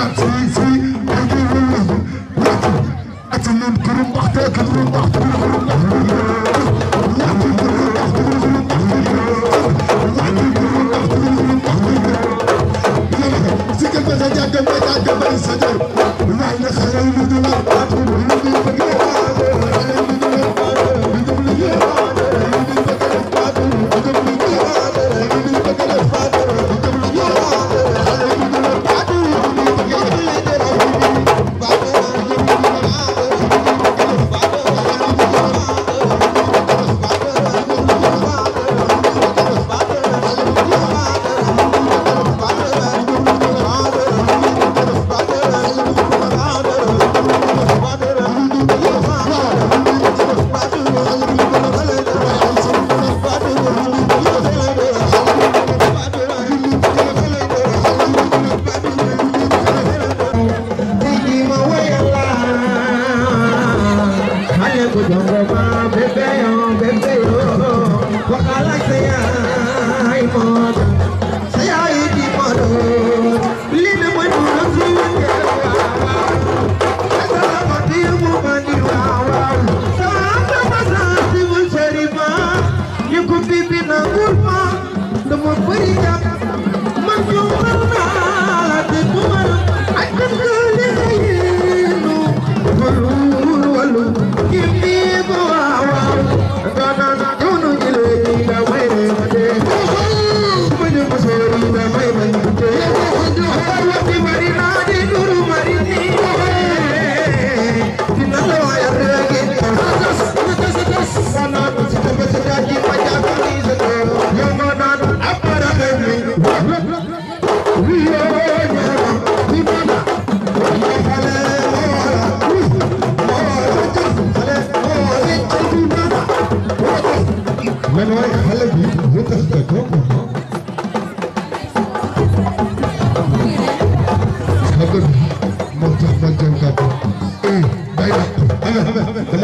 I'm time.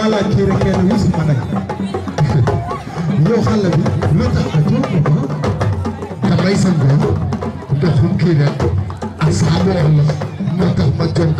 maa laaj kii rek kenn wisu ma nag yow xale bi lu tax a jóg ko damay sa ngoon ndoxum kii rek ak saa mu la moo tax ma jóg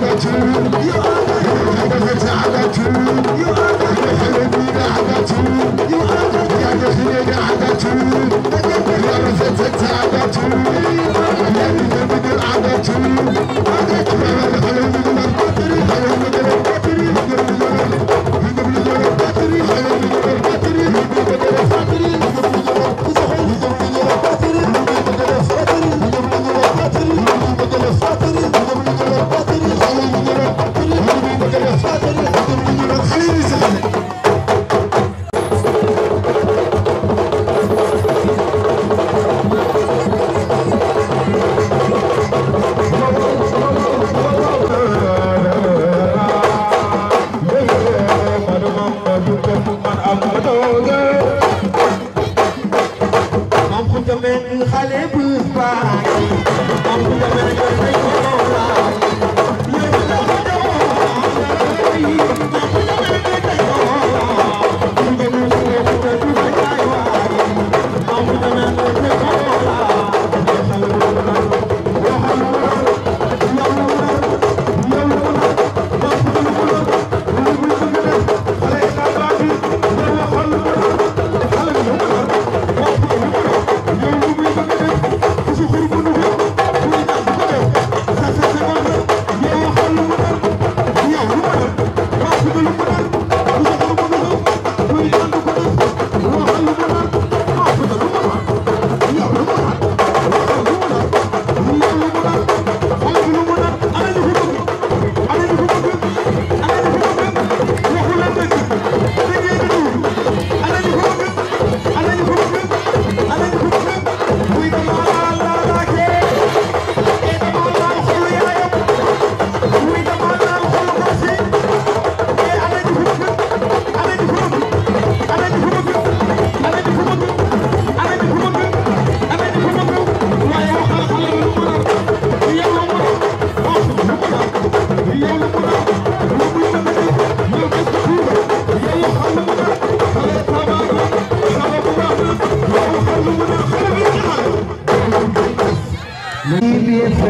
You are the mel xale bu baax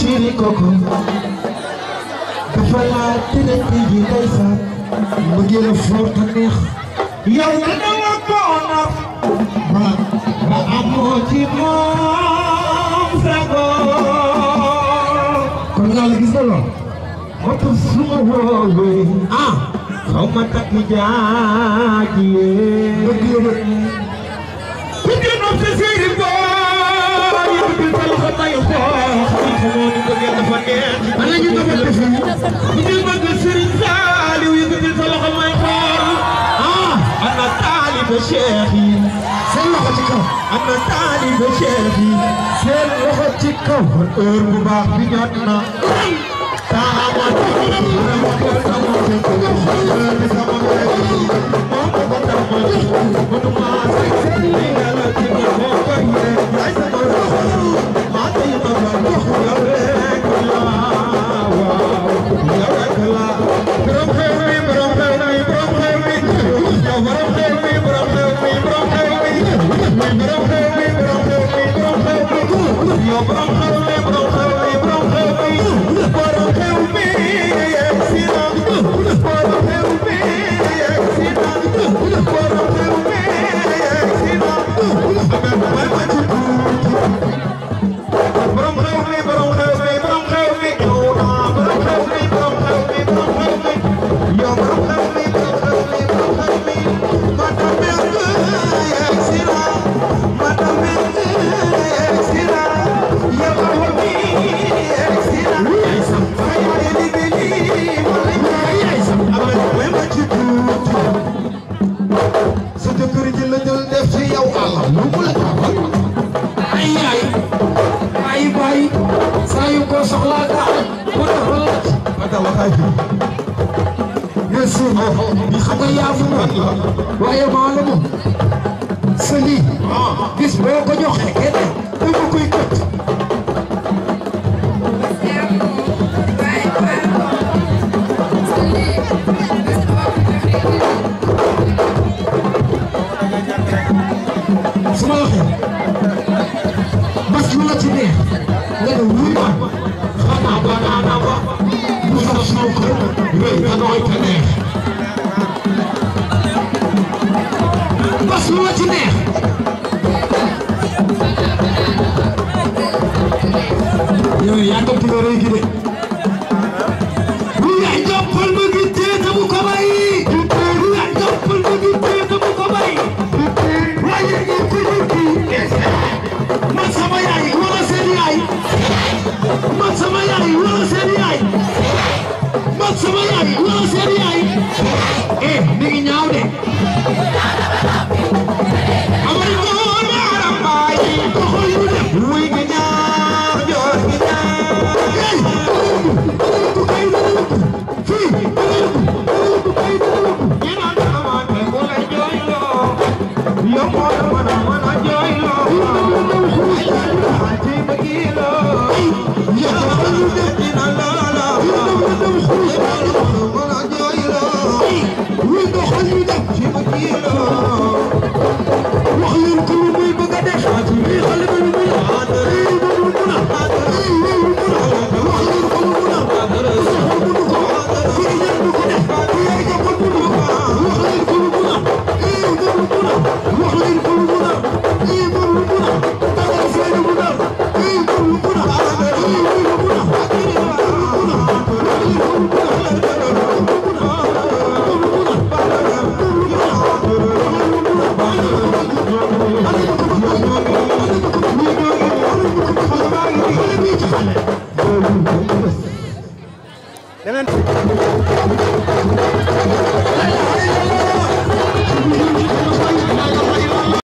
chéri koko dafa laa tëdda tey ji ndeysaan mu ngi la fort neex yow na danga koona ba ba amoo ci moom sago kon nga la gis nga lool moo tax su ma woowee ah xaw ma takk jaaji yee xamoo ñu bëggee dafa neex ana ñu ko bëgg fi bu ñu bëgg Serigne Saliou yëkkatil sa loxo may xool ah ana taaliba cheikh yi seen loxo ci kaw ana taaliba cheikh yi seen loxo ci kaw heure bu baax bi jot na Thank you. آجي تو مونکي ياري ڪلا وا waaye maalamu sëli bis boo ko joxee kenn dama koy kët suma waxee bas lu la ci neex nga ne wuy ma xanaa banaana ba mu sax suukar yooyu da nooy ta neex lu ma ci neex yow yaa ko pleurer gi de